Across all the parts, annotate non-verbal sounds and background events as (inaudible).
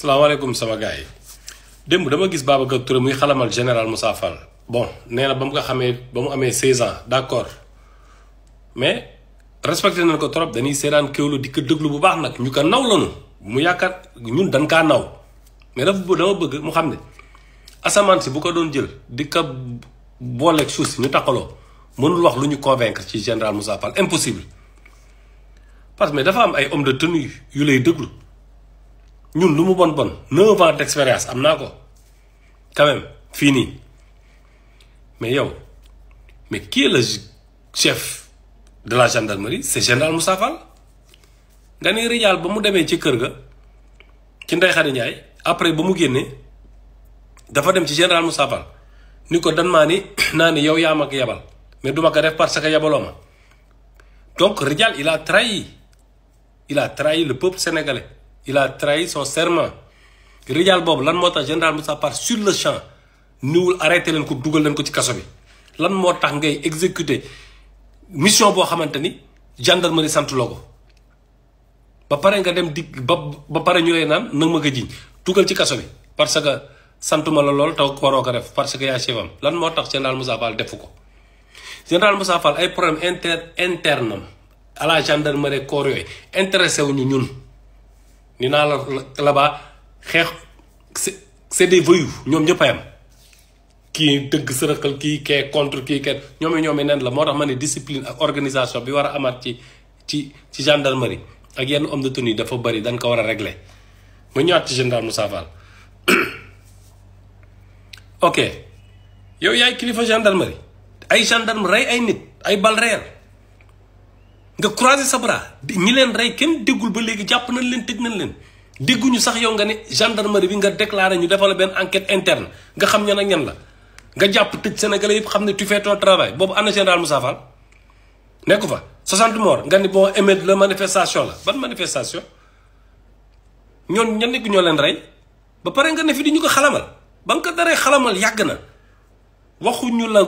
salaamaaleykum sama gars yi démb dama gis Babacar Touré muy xalamal général Moussa Fall bon nee bam ba mu ko xamee ba mu 16 ans d'accord mais respecté nañ ko trop dañuy sétane kewlu dik deuglu bu baax nak ñu ko naw lañu mu yaakaar ñun dañ ka naw mais dafa dama bëgg mu xamné asaman ci bu ko doon jël dik ko booleeg suuf si ñu takalo mënul wax lu ñu convaincre ci général Moussa Fall impossible parce que dafa am ay homme de tenue yu lay deuglu ñun lu mu bon bon 9 ans d'expérience expérience am naa ko quand même fini mais yow mais qui est le chef de la gendarmerie c'est général Moussa Fall nga ne rijaal ba mu demee ci kër ga ci Ndeye Khady Ndiaye après ba mu génnee dafa dem ci général Moussa Fall ni ko dan maa ni (clears throat) naa ni yow yaa ma ko yebal mais duma ko def parce que yebaloo ma donc rijaal il a trahi il a trahi le peuple sénégalais il a trahi son serment rijaal boobu lan moo tax général Moussa Par sur le champ niwul arrêté leen ko dugal leen ko ci kaso bi lan moo tax ngay exécuter mission boo xamante ni gendarmerie sant loo ko ba pare nga dem di ba ba pare ñu lay naan ma ko jiiñ ci kaso bi parce que santuma la lool te waroo parce que yaa chef lan moo tax général Moussa defu ko général Moussa Fall ay problème inter interne am à la gendarmerie corps yooyu intéressé wuñu ñun ni naa la ba bas xeex c'est des voyous ñoom ñëpp a ki kii dëgg sërëxal kii kee contre kii kee ñoom ñoom neen la moo tax ma ne discipline ak organisation bi war a amaat ci ci ci gendarmerie ak yenn homme de tenue dafa bëri dañ ko war a régler ma ñëwaat ci gendarme Moussa Fall (coughs) ok yow yaay kilifa gendarmerie ay gendarme rey ay nit ay bal réel nga croiser sa bras ñi leen rey kenn déggul ba léegi jàpp nañ leen tëj nañ leen dégguñu sax yow nga ne gendarmerie bi nga déclaré ñu defal benn enquête interne nga xam ñan ak ñan la nga jàpp tëj sénégalais yëpp xam ne tu fais ton boobu ana général Moussa Fall nekku fa 60 morts nga ne boo émet la manifestation la ban manifestation ñoon ñan nekk ñoo leen rey ba pare nga ne fi di ñu ko xalamal ba nga ko daree xalamal yàgg na waxuñu la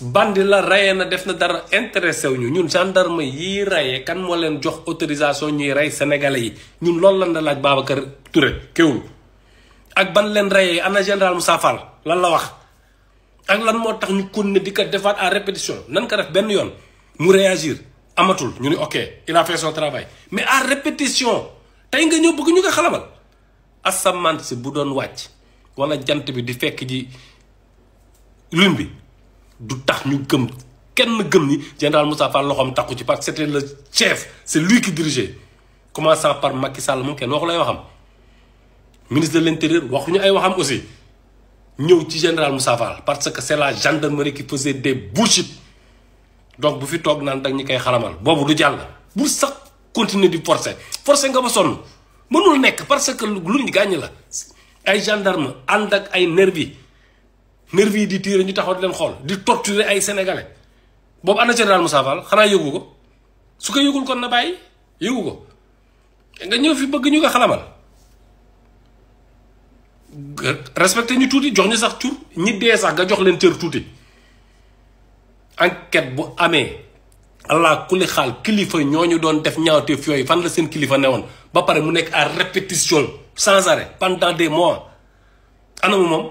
bandi la rayee na def na dara intéressé wu ñu ñun gendarme yi rayee kan moo leen jox autorisation ñuy rey sénégalais yi ñun loolu lan la laaj Babacar ture kéwul ak ban leen rayee ana général Moussa lan la wax ak lan moo tax ñu kon ne di ko defaat à répétition nan ko def benn yoon mu réagir amatul ñu ni ok il a fait son travail mais à répétition tey nga ñëw bëgg ñu ko xalamal asamaan si bu doon wàcc wala jant bi di fekk ji lune bi du tax ñu gëm kenn gëm ni général Moussa Fall taxu ci parce que c'était le chef c'est lui qui dirigeait commençant par Macky Sall moom kenn wax lay waxam ministre de l'intérieur ñu ay waxam aussi ñew ci général Moussa parce que c'est la gendarmerie qui faisait des bullshit donc bu fi tok naan tak ñi kay xaramal bobu du jall bu sax continuer di forcer forcer nga ba sonn mënul nekk parce que lu gagne la ay gendarmes ànd ak ay nervi nervi yi di tiire ñu taxaw di leen xool di torturer ay sénégalais boobu ana général Moussa Fall xanaa yëgu ko su ko yëgul kon na bàyyi yëgu ko nga ñëw fi bëgg ñu ko xalamal respecté ñu tuuti jox ñu sax cur ñi dee sax nga jox leen cër tuuti enquête bu amee allah kulli xaal kilifa ñoo ñu doon def ñaawteef yooyu fan la seen kilifa ne woon ba pare mu nekk à répétition sans arrêt pendant des mois anamu moom.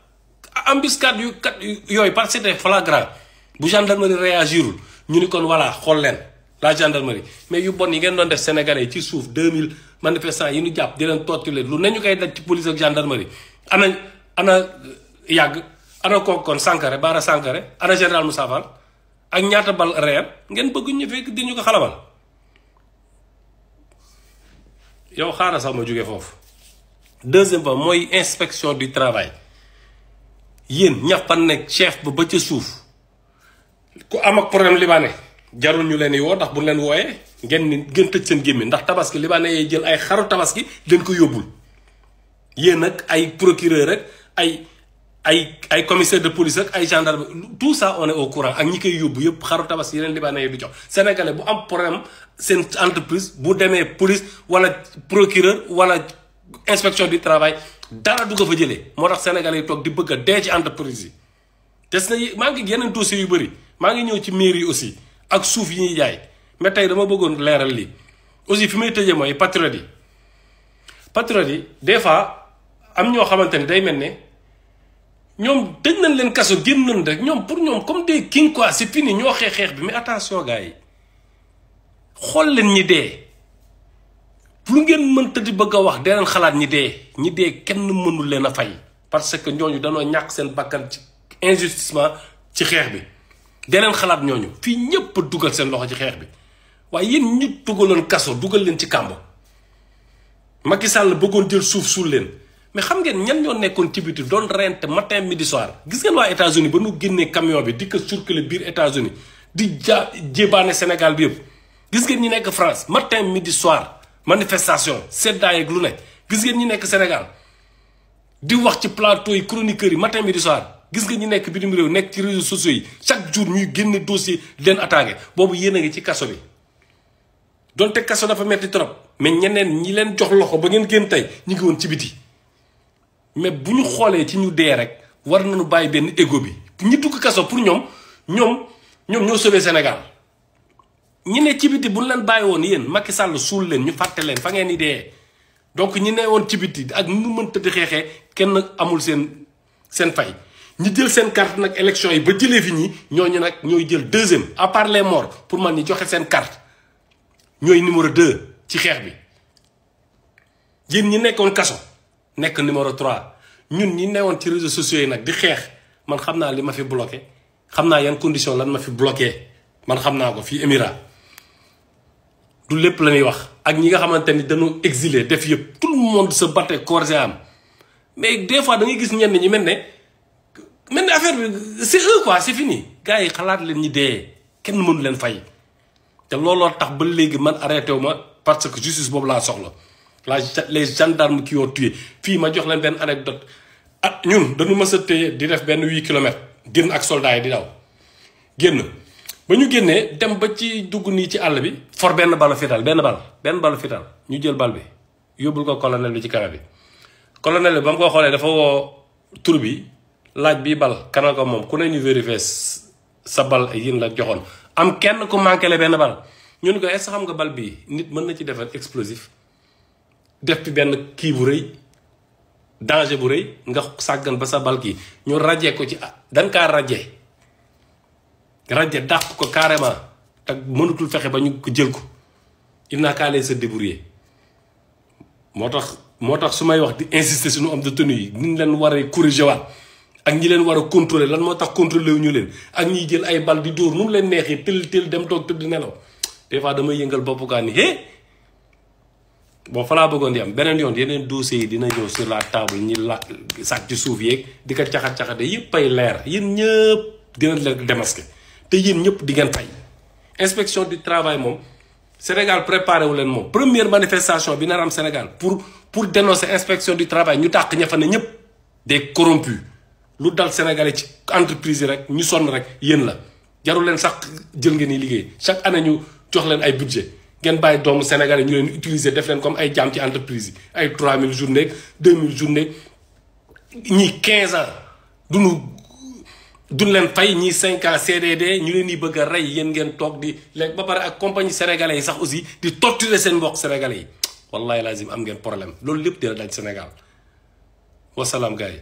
embuscade yu kat yooyu parce que c'était flagrant bu gendarmerie réagirul ñu ni kon voilà xool leen la gendarmerie mais yu bon yi ngeen doon def sénégalais ci suuf deux 2000 manifestants yi ñu jàpp di leen torturer lu ne ñu koy daj ci police ak gendarmerie ana ana euh, yàgg ana kooku kon Sankare Bara Sankare ana général Moussa ak ñaata bal réel ngeen bëgg ñu fekk di ñu ko xalamal yow xaaral sax ma jógee foofu deuxième fois mooy inspection du travail. yéen ñax fa nekk chef ba ba ca suuf ku am ak problème libanais jarul ñu leen woo ndax bu leen wooyee ngeen ni gën tëj seen gémmiñ ndax tabaski libanais yee jël ay xaru tabaski leen ko yóbbul yéen ak ay procureur rek ay ay ay commissaire de police ak ay gendarme tout ça on est au courant ak ñi koy yóbbu yëpp xaru tabaski yeneen libanais yi du jox sénégalais bu am problème seen entreprise bu demee police wala procureur wala inspection du travail dara du ko fa jëlee moo tax sénégal yi toog di bëgg a dee ci entreprise yi des na maa ngi yeneen dossiers yu bëri maa ngi ñëw ci mairie yi aussi ak suuf yi ñuy jaay mais tey dama bëggoon leeral li aussi fi may tëjee mooy patriotes yi patriotes yi des fois am ñoo xamante ni day mel ne ñoom tëj nañ leen kaso génn nañ de ñoom pour ñoom comme des king quoi c'est fini ñoo xeex xeex bi mais attention gars yi xool leen ñi dee lu ngeen mënta di bëgg a wax deneen xalaat ñi dee ñi dee kenn mënul leen a fay parce que ñooñu danoo ñàkk seen bakkan ci injustissement ci xeex bi deneen xalaat ñooñu fii ñépp dugal seen loxo ci xeex bi waaye yéen ñu dugaloon kaso dugal leen ci kàmb Macky Sall bëggoon jël suuf suul leen mais xam ngeen ñan ñoo nekkoon ci biti doon rent matin midi soir gis ngeen waa États-Unis ba nu génnee camion bi di ko circuler biir États-Unis di ja jébaane Sénégal bi yëpp gis ngeen ñi nekk France matin midi soir manifestation c'est ak glouné ne gis ngeen ñi nek Sénégal di wax ci plateau yi chroniqueur yi matin midi soir gis nga ñi nek bitim rew nek ci réseaux sociaux yi chaque jour ñuy génne dossier di leen bobu yéne yéen ci kasso bi donte kaso dafa metti trop mais ñeneen ñi leen jox loxo ba ngeen gën tay ñi ngi won ci biti mais buñu xolé ci ñu dé rek war nañu bàyyi ben ego bi ñi dugg kasso pour ñom ñom ñom ñoo sauver Sénégal ñi ne ci biti bu ñu leen bàyyi woon yéen Macky Sall suul leen ñu fàtte leen fa ngeen di dee donc ñi ne woon ci biti ak nu mënta di xeexee kenn amul seen seen fay. ñi jël seen carte nag élection yi ba jëlee fi ñi ñooñu nag ñooy jël deuxième à part les pour man ñi joxe seen carte ñooy numéro deux ci xeex bi yéen ñi nekkoon kaso nekk numéro trois ñun ñi newoon ci réseau sociaux yi nag di xeex man xam naa li ma fi bloqué xam naa yan condition lan ma fi bloqué man xam naa ko fii émirat du lépp la ñuy wax ak ñi nga xamante ni dañoo exilé def yëpp tout le monde se battait corps et âme mais des fois da ngay gis ñenn ñi mel ne mel ne affaire bi c'est eux quoi c'est fini gars yi xalaat leen ñi dee kenn mënu leen fay te looloo tax ba léegi man arrêté parce que justice boobu la soxla la les gendarmes qui ont tué fii ma jox leen benn anecdote at ah, ñun dañu mës a téye di def benn huit kilomètres génn ak soldats yi di daw génn ba ñu génnee dem ba ci dugg nii ci àll bi for benn balu fital benn bal benn balu fital ñu jël bal bi yóbbul ko colonel bi ci kanam bi colonel bi ba mu ko xoolee dafa woo tur bi laaj bi bal kanal ko moom ku ne ñu vérifier sa bal yin la joxoon am kenn ku manqué le benn bal ñu ne ko est xam nga bal bii nit mën na ci defar explosif def bi benn kii bu rëy danger bu rëy nga sàggan ba sa bal kii ñu rajee ko ci dan kaa rajee Radier dàq ko carrément te mënatul fexe ba ñu ko jël ko il n'a qu'à aller se débrouiller moo tax moo tax su may wax di insister suñu homme de tenue yi ni ñu leen war a corriger ak ñi leen war a contrôler lan moo tax contrôler wu ñu leen ak ñi jël ay bal di dóor nu mu leen neexee tël tël dem toog tëdd nelaw te fois damay yëngal bopp kaa ni hé eh? bon fa laa bëggoon di am beneen yoon yeneen dossiers yi dina ñëw sur la table ñi la sàcc suuf yeeg di ko caxat caxate yëpp ay leer yéen ñëpp dinañ leen démasquer te yéen ñëpp di ngeen fay inspection du travail moom Sénégal préparé wu leen première manifestation bi nar am Sénégal pour pour dénoncer inspection du travail ñu avons ña ne des corrompus lu dal Sénégalais ci entreprise nous rek ñu sonn rek yéen la jarul leen sax jël ngeen ni liggéey chaque année ñu jox un ay budget Nous avons doomu Sénégalais ñu leen utiliser def comme ay jaam ci entreprise 000 ay 3000 000 2000 journée ñii 15 ans du ñu duñ leen fay ñii 5 ans CDD ñu leen di bëgg a rey yéen ngeen toog di lekk ba pare ak compagnie sénégalais yi sax aussi di torturer seen mbokk sénégalais yi wallahi lazim am ngeen problème loolu lépp dina daj Sénégal wasalaam gars yi